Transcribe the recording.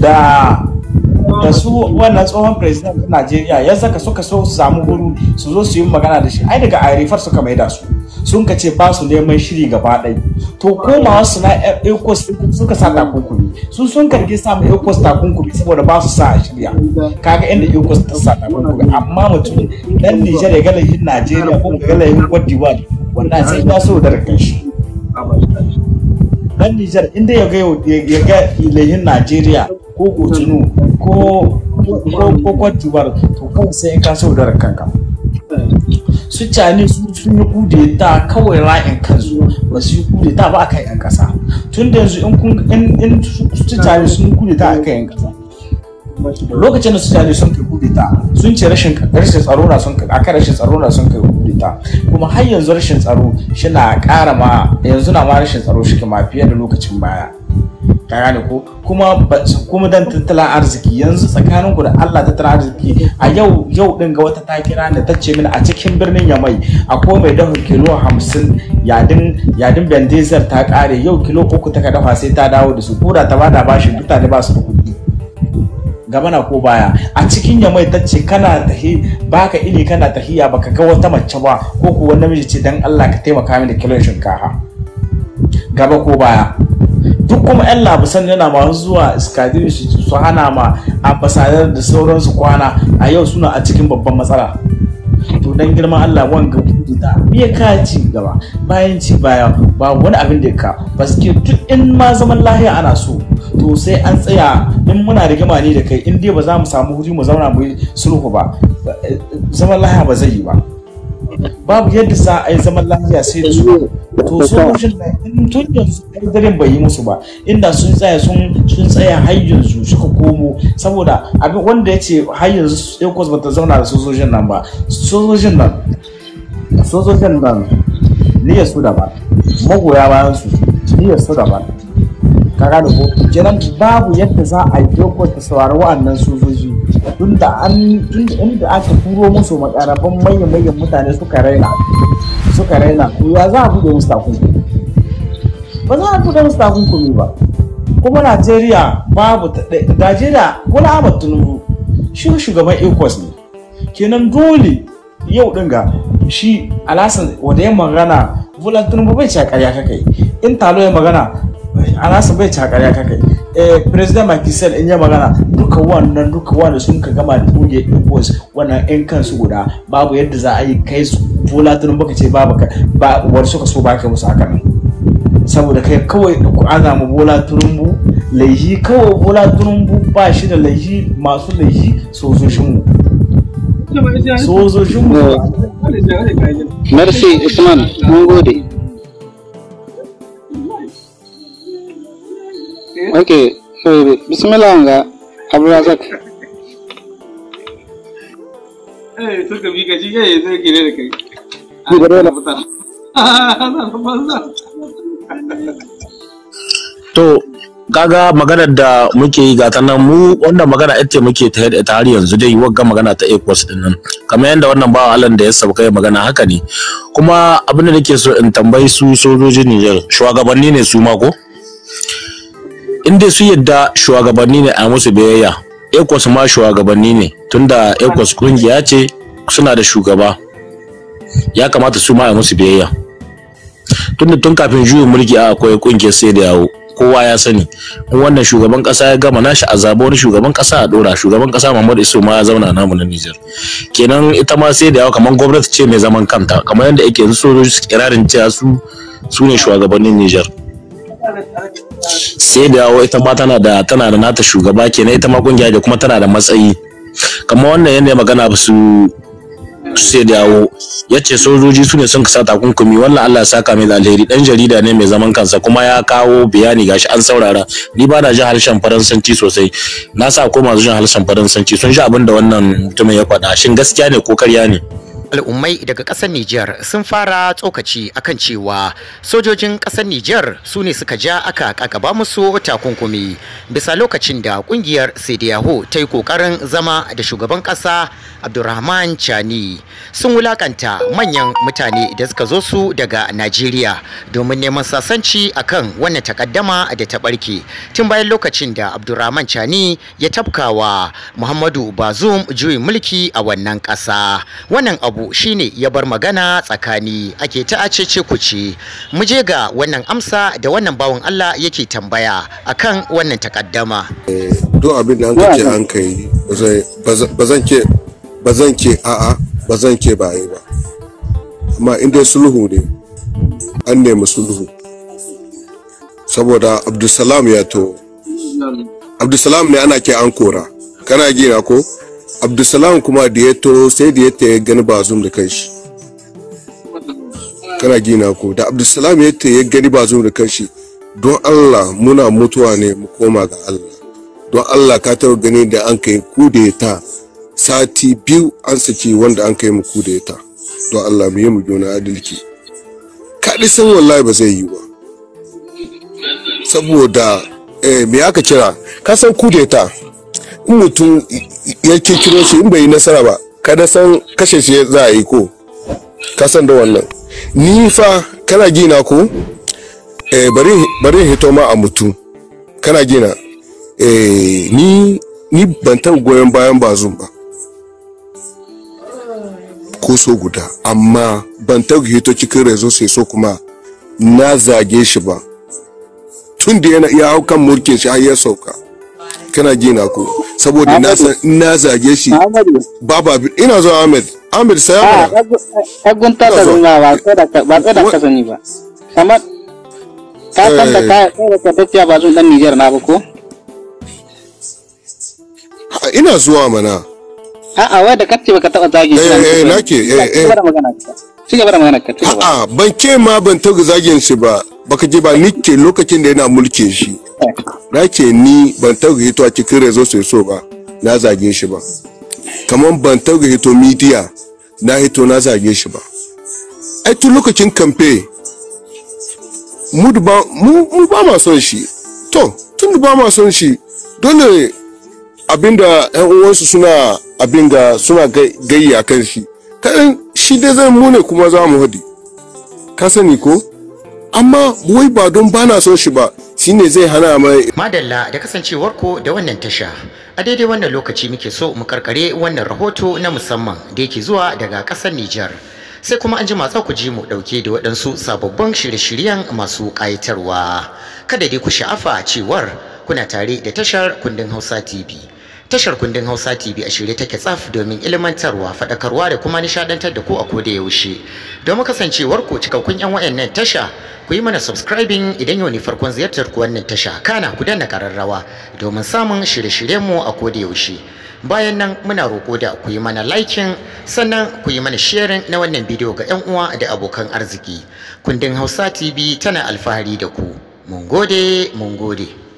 da da su wannan tsohon president na Najeriya ya saka suka so su samu guru su zo su yi magana da shi ai daga arifar suka da su sun ka ce ba su neman shiri gaba ɗai to komawa su na ecos suka sa takunkumi su sun karge samun ecos takunkumi saboda ba su sa a shirya kaga inda ecos ta sa takunkumi amma mutum dan Nijar ya gala Najeriya ko ga gala yin Kwadiwa wannan sai ya so da rakan shi dan Nijar inda ya ga ya ga Najeriya ko kotunu ko ko tubar to kan sai ka so da kanka su cani sun yi kudeta kawai ra'in kansu ba su yi kudeta ba akan yan kasa tun da yanzu in su cani sun yi kudeta akan yan kasa lokacin da su cani sun kai kudeta sun ce rashin tsaro na sun kai akan rashin tsaro na sun kai kudeta kuma har yanzu rashin tsaro shi na ƙara ma yanzu na ma rashin tsaro shi ma fiye da lokacin baya ka gane ko kuma kuma dan tattalin arziki yanzu tsakanin ku da Allah tattalin arziki a yau yau din ga wata ta kira da ta ce mini a cikin birnin Yamai akwai mai dafa kilo 50 yadin yadin ta kare yau kilo uku ta dafa sai ta dawo da su ko da ta bada bashi mutane ba su da kuɗi ko baya a cikin yamai ta ce kana tahi baka ili kana tahiya baka ga wata mace ba ko kuwa namiji ce dan Allah ka taimaka mini kilon shinkafa gaba ko baya duk kuma yan ya yana masu zuwa iskadir su hana ma ambasadar da sauransu kwana a yau suna a cikin babban matsala to dan girman Allah wanga da me ka ci gaba bayan ci baya ba wani abin da ka baske duk in ma zaman lahiya ana so to sai an tsaya in muna rigima ne da kai in dai ba za mu samu wuri mu zauna mu sulhu ba zaman lahiya ba zai yi ba babu yadda za a yi zaman lafiya sai da su to sojojin na tun yanzu daren bai yi musu ba inda sun tsaya sun sun tsaya har yanzu suka komo saboda abin wanda ya ce har yanzu ecos bata zauna da sojojin nan ba sojojin nan sojojin nan ni su da ba magoya bayan su ni su da ba ka gane ko kenan babu yadda za a yi ecos ta saurari wa'annan sojojin tunda an inda aka turo musu makaraban manyan manyan mutane suka raina suka raina to ya za a da musu takunkumi ba za a bude musu takunkumi ba kuma najeriya babu najeriya bola ahmad tinubu shi shugaban ecos ne kenan dole yau dinga shi alasan wanda ya magana bola tinubu bai ci a ƙarya kakai in talo ya magana alasan bai ci a ƙarya kakai Eh, president Macky Sall in ya magana duka wannan duka wanda sun ka gama da kungiyar ECOWAS wannan ɗan kansu guda babu yadda za a yi kai su bola tunun baka ce babu ba war suka so baka musu haka nan saboda kai kawai ku aza mu bola turumbu laihi kawai bola turumbu ba shi da laihi masu laihi sojojinmu sojojinmu Merci Usman, mun gode. ok bismillah eh to ka bi ka kai ne kai fita to kaga maganar da muke yi gata nan mu wannan magana ita muke ta yadda ta har yanzu dai wagga magana ta ecos din nan kamar yadda wannan bawa Allah da ya sauka ya magana haka ne kuma abin da nake so in tambayi su sojojin Niger shugabanni ne su ma ko in dai su yadda shugabanni ne a musu biyayya ecos ma shugabanni ne tunda ecos kungiya ce suna da shugaba ya kamata su ma a musu biyayya tunda tun kafin juyin mulki a akwai kungiyar sai da yawo kowa ya sani In wannan shugaban kasa ya gama nashi a zaba wani shugaban kasa a dora shugaban kasa Muhammadu Isu ma ya zauna namu na Nijar. kenan ita ma sai da yawa kamar gwamnati ce mai zaman kanta kamar yadda ake yanzu sojoji su kirarin cewa su su ne shugabannin Niger sai da yawo ita ma tana da tana da nata shugaba kenan ita ma kungiya da kuma tana da matsayi kamar wannan yanda magana su sai da yawo ya ce sojoji su ne sun kasa takunkumi wannan Allah saka mai da alheri dan jarida ne mai zaman kansa kuma ya kawo bayani gashi an saurara ni ba na jin harshen faransanci sosai na sa ko masu jin harshen faransanci sun ji abin da wannan mutumin ya faɗa shin gaskiya ne ko karya ne al'ummai daga kasar Nijar sun fara tsokaci akan cewa sojojin ƙasar Nijar su ne suka ja aka kakaba musu takunkumi bisa lokacin da ƙungiyar Sediyaho ta yi kokarin zama da shugaban ƙasa Abdulrahman Chani sun wulakanta manyan mutane da suka zo su daga Najeriya domin neman sasanci akan wannan takaddama da ta barke tun bayan lokacin da Abdulrahman Chani ya tafkawa Muhammadu Bazum juyin mulki a wannan ƙasa wannan abu abu shine ya bar magana tsakani ake ta acece kuce mu je ga wannan amsa da wannan bawan Allah yake tambaya akan wannan takaddama eh, duk abin da an kace an kai bazan ke bazan ke a'a bazan ke ba ba amma in dai sulhu ne an nemi sulhu saboda abdulsalam ya to abdulsalam ne ana ke an kora kana gina ko abdulsalam kuma da ya taro sai da ya ta gani bazum da kanshi kana gina ku. da abdulsalam ya ta ya gani bazum da kanshi don allah muna mutuwa ne mu koma ga allah don allah ka taɓa gani da an kai ku da ya ta sati biyu an saki wanda an kai mu ku da ya ta don allah mu yi mu juna adalci kaɗi san wallahi ba zai yi ba saboda eh, me aka kira ka san ku da ya ta in mutum ya kikiro shi in bai yi nasara ba kada san kashe shi za a yi ko ka san da wannan ni fa kana gina ko eh, bari bari hito ma a mutum kana gina eh, ni ni ban taɓa goyon bayan bazun ba ko so guda amma ban taɓa hito cikin rezo sai so kuma na zage shi ba tun da yana hau kan mulkin shi har ya sauka kana gina ko saboda na san zage shi baba ina zo Ahmed Ahmed sai mana a gunta da zuwa ba sai da ba sai da ka sani ba kamar ka san da ka da eh. ka tafiya ba zun dan Niger na ba ko ina zuwa mana a'a wai da ce baka taba zage shi eh eh nake eh eh ci gaba da magana ka ci gaba a'a ban ke ma ban taga zagin shi ba baka je ba nike lokacin da yana mulke shi eh. rake ni ban tauga hito a cikin rezo sai so ba na zage shi ba kamar ban tauga hito media na hito na zage shi ba ai tun lokacin kamfe mu ba ma son shi to tun ba ma son shi dole abinda yan uwansu suna abin suna gayi a kan shi kan shi dai zai mu ne kuma zamu mu hadi ka sani ko amma wai ba don bana son shi ba shine zai hana mai madalla da kasancewar ku da wannan tasha a daidai wannan lokaci muke so mu karkare wannan rahoto na musamman da yake zuwa daga kasar Nijar sai kuma an jima za ku ji mu dauke da waɗansu sababbin shirye-shiryen masu ƙayatarwa kada dai ku sha'afa cewar kuna tare da tashar kundin Hausa TV tashar kundin Hausa TV a shirye take tsaf domin ilmantarwa, faɗakarwa da kuma nishadantar da ku a koda yaushe. mu kasancewar ku cikakkun yan wayannan tasha, ku yi mana subscribing idan yau ne farkon ziyartar ku wannan tasha. Kana ku danna kararrawa domin samun shirye-shiryen mu a koda yaushe. Bayan nan muna roko da ku yi mana liking sannan ku yi mana sharing na wannan bidiyo ga yan uwa da abokan arziki. Kundin Hausa TV tana alfahari da ku. Mun gode, mun gode.